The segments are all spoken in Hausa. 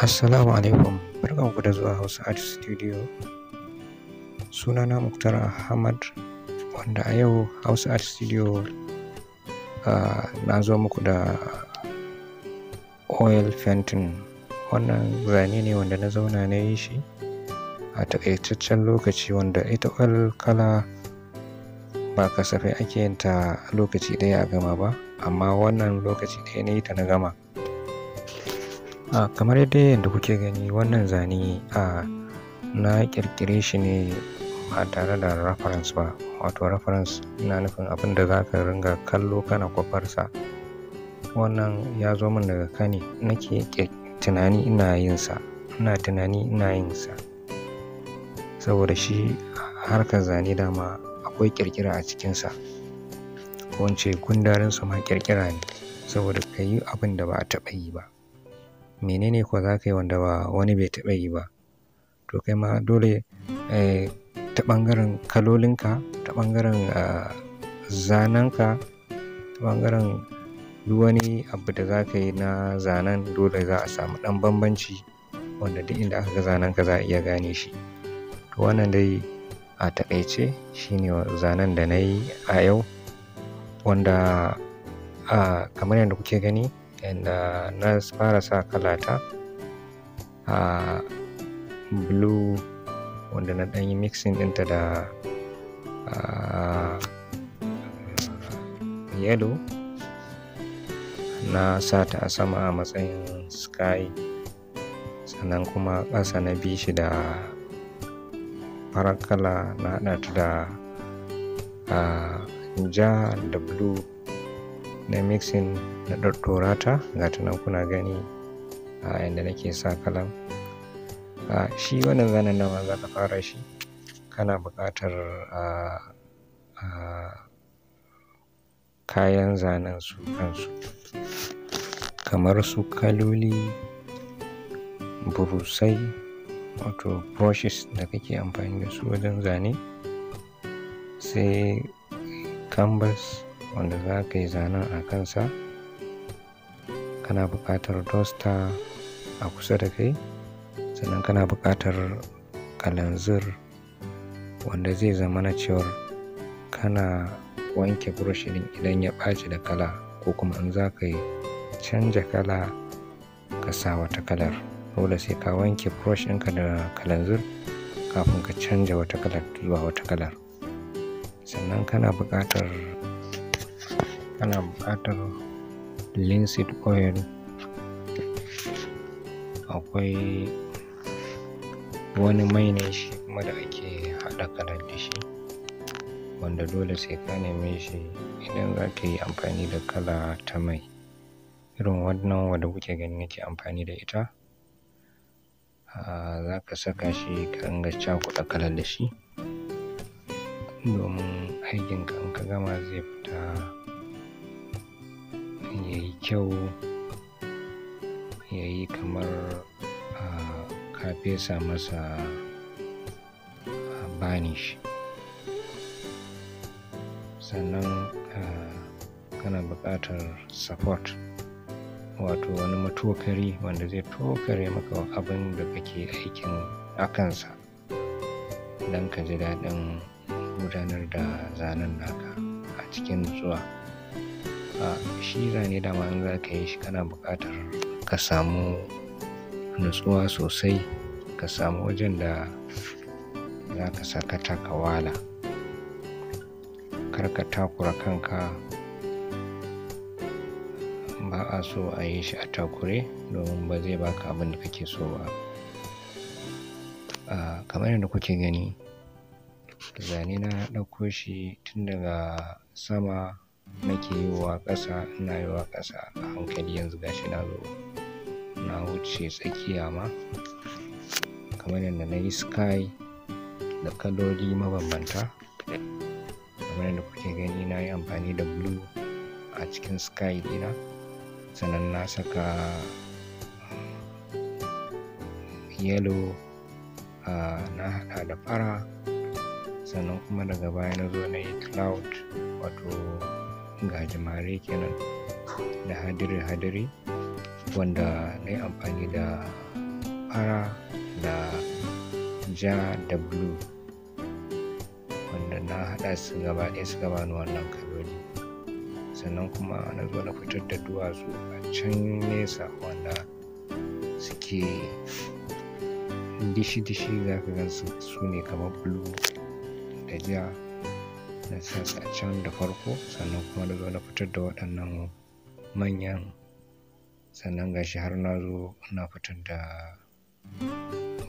Assalamu alaikum barkanku da zuwa Hausa Art Studio sunana Muktar Ahmad wanda a yau Hausa Art Studio uh, na zo muku da oil painting wannan zane ne wanda na zauna na yi shi a takaitaccen lokaci wanda ita oil kala ba kasafai ake yin lokaci ɗaya a gama ba amma wannan lokaci ɗaya na yi ta na gama a kamar yadda yadda kuke gani wannan zane a na kirkire shi ne ba tare da reference ba wato reference na nufin abin da za ka ringa kallo kana kwafarsa wannan ya zo min daga kani nake tunani ina yin sa ina tunani ina yin sa saboda shi harkar zane dama akwai kirkira a cikinsa ko in ce ma kirkira ne saboda ka yi abin da ba a taɓa yi ba menene kuwa za ka yi wanda ba wani bai taɓa yi ba to kai ma dole eh, ta ɓangaren kalolinka ta ɓangaren ah, zananka, ta ɓangaren duk wani abu da za ka yi na zanen dole za a samu ɗan bambanci wanda duk inda aka ga zanen ka za a iya gane shi to wannan dai a taƙaice shine zanen da na yi a yau wanda ah, kamar yadda kuke gani yadda na fara sa kalata a blue wanda na ɗanyi mixing ɗinta da yellow na sata a sama a matsayin sky sannan kuma ƙasa na bi shi da farar kala na haɗa ta da ja da blue na mixing na ɗaɗɗora ta ga ta nan kuna gani a yadda nake sa kalan a shi wannan zanen nawa za ka fara shi kana buƙatar kayan zanen su kansu kamar su kaloli burusai wato brushes da kake amfani da su wajen zane sai canvas wanda za ka yi zanen a kansa kana buƙatar dosta a kusa da kai sannan kana buƙatar kalanzir wanda zai zama na cewar kana wanke burush idan ya ɓaci da kala ko kuma in za ka yi canja kala ka sa wata kalar dole sai ka wanke brush ɗinka da kalanzir kafin ka canja wata kalar zuwa wata kalar sannan kana buƙatar ana buƙatar linseed oil akwai wani mai ne shi kuma da ake haɗa kanar da shi wanda dole sai ka neme shi idan za ka yi amfani da kala ta mai irin wannan wadda kuke gani nake amfani da ita ah, za ka saka shi ka ringa cakuɗa kalar da shi domin aikinka in ka gama zai fita ya yi kyau ya yi kamar a fesa masa banish sannan kana buƙatar support wato wani matokari wanda zai tokare maka abin da kake aikin akansa don ka ji daɗin gudanar da zanen naka a cikin zuwa. A shi zane da man za ka yi shi kana buƙatar ka samu nutsuwa sosai, ka samu wajen da za ka sakata ka wala. Kar ka takura kanka, ba a so a yi shi a takure domin ba zai baka abin da kake so ba. A kamar yadda kuke gani, zane na ɗauko shi tun daga sama. nake yi wa ƙasa ina yi wa ƙasa a hankali yanzu gashi na zo na wuce tsakiya ma kamar yadda na yi sky da kaloli mabambanta kamar yadda kuke gani na yi amfani da blue a cikin sky dina sannan na saka um, yellow uh, na haɗa da fara sannan kuma daga baya na zo na yi cloud wato gajimare kenan da hadiri-hadiri wanda na yi amfani da fara da ja da blue wanda na haɗa su gaba ɗaya suka bani wannan kaloli sannan kuma na zo na fitar da duwatsu a can nesa wanda suke dishi-dishi za ka gan su ne kamar blue da ja na a can da farko sannan kuma nazo zo na fitar da waɗannan manyan sannan gashi har na zo na fitar da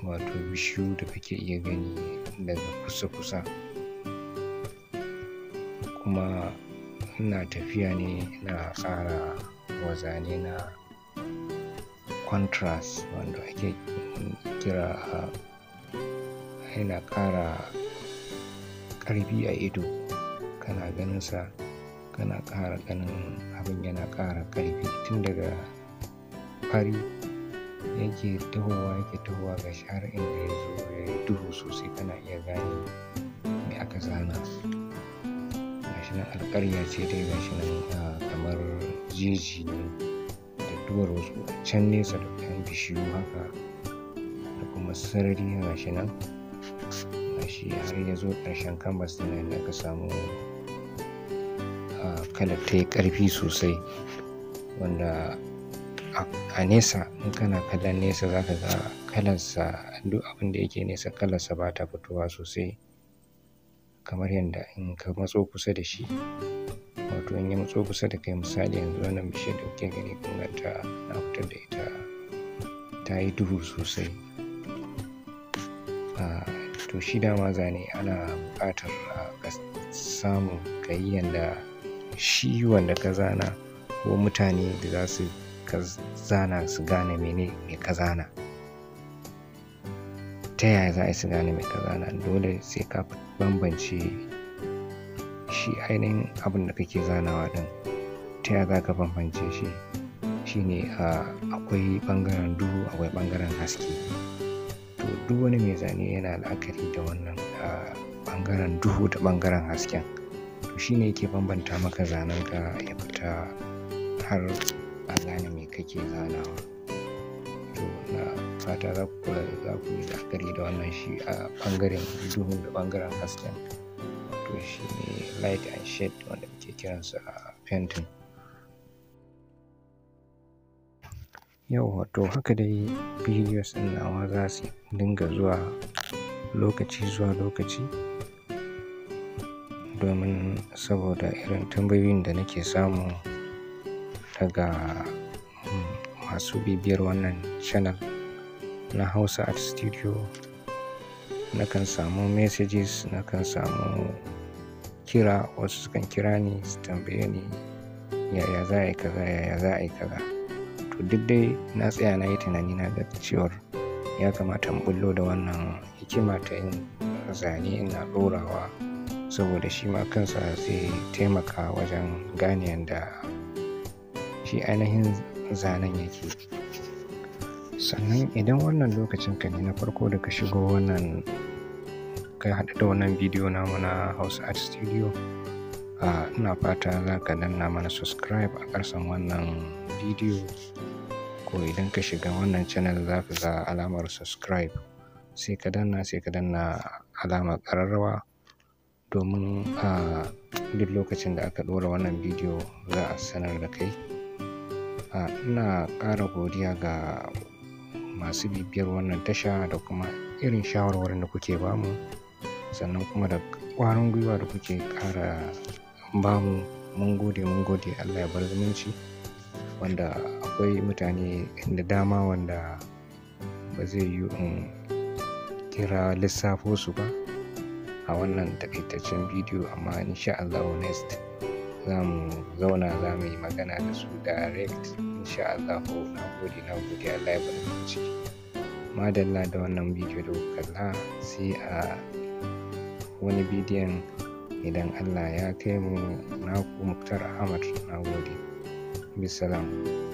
wato bishiyu da kake iya gani daga kusa-kusa kuma ina tafiya ne na tsara wazane na contrast wanda ake kira yana ƙara ƙarfi a ido kana ganin sa kana ƙara ganin abin yana ƙara ƙarfi tun daga fari yake tahowa yake tahowa ga shi har inda ya zo ya yi duhu sosai kana iya gane mai aka zana gashi nan alƙarya ce dai gashi nan ah, kamar jeji ne da duwar wasu can nesa da kan bishiyu haka da kuma sarari gashi nan gashi har ya zo ƙarshen kambas ɗin da ka samu kalar ta yi ƙarfi sosai wanda a nesa in kana kallon nesa za ka ga kalarsa duk abin da yake nesa kalarsa ba ta fitowa sosai kamar yadda in ka matso kusa da shi wato in yi matso kusa da kai misali yanzu wannan bishiyar da kuke gani kun ta na fitar da ita ta yi duhu sosai to shi dama zane ana buƙatar ka samu ka yadda shi wanda ka zana ko mutane da za su ka zana su gane mene mai ka zana ta yaya za a su gane mai ka zana dole sai ka bambance shi ainihin abin da kake zanawa din ta yaya za ka bambance shi shine akwai bangaren duhu akwai bangaren haske to duk wani mai zane yana la'akari da wannan bangaren duhu da ɓangaren hasken shine yake bambanta maka zanenka ya fita har a gane me kake zanawa to na fata za ku kula da za ku yi zakari da wannan shi a ɓangaren duhun da bangaren hasken to shi ne light and shade wanda muke kiransa a painting yau wato haka dai videos ɗin nawa za su dinga zuwa lokaci zuwa lokaci domin saboda irin tambayoyin da nake samu daga mm, masu bibiyar wannan channel na Hausa Art Studio. kan samu messages, na kan samu kira, wasu sukan kira ni su tambaye ni yaya za a yi kaza, yaya za a yi kaza. To duk dai na tsaya na yi tunani na ga cewar ya kamata in bullo da wannan hikima ta yin zane ina ɗorawa. saboda shi ma kansa zai taimaka wajen gane yadda shi ainihin zanen yake sannan idan wannan lokacin ka ne na farko da ka shigo wannan ka haɗu da wannan bidiyo namu na house art studio ina fata za ka danna mana subscribe a ƙarshen wannan bidiyo ko idan ka shiga wannan channel za ka ga alamar subscribe sai ka danna sai ka danna alamar ƙararrawa domin a duk lokacin da aka ɗora wannan bidiyo za a sanar da kai ina ƙara godiya ga masu bibiyar wannan tasha da kuma irin shawarwarin da kuke bamu sannan kuma da ƙwarin gwiwa da kuke ƙara bamu mun gode mun gode allah ya bar zumunci wanda akwai mutane da dama wanda ba zai yi in kira lissafo su ba a wannan takaitaccen bidiyo amma insha Allah next za mu zauna za mu yi magana da su direct insha Allah na gode na gode a ya ciki madalla da wannan bidiyo da kalla sai a wani bidiyon idan Allah ya kai mu na naku Muktar Ahmad na gode bisalam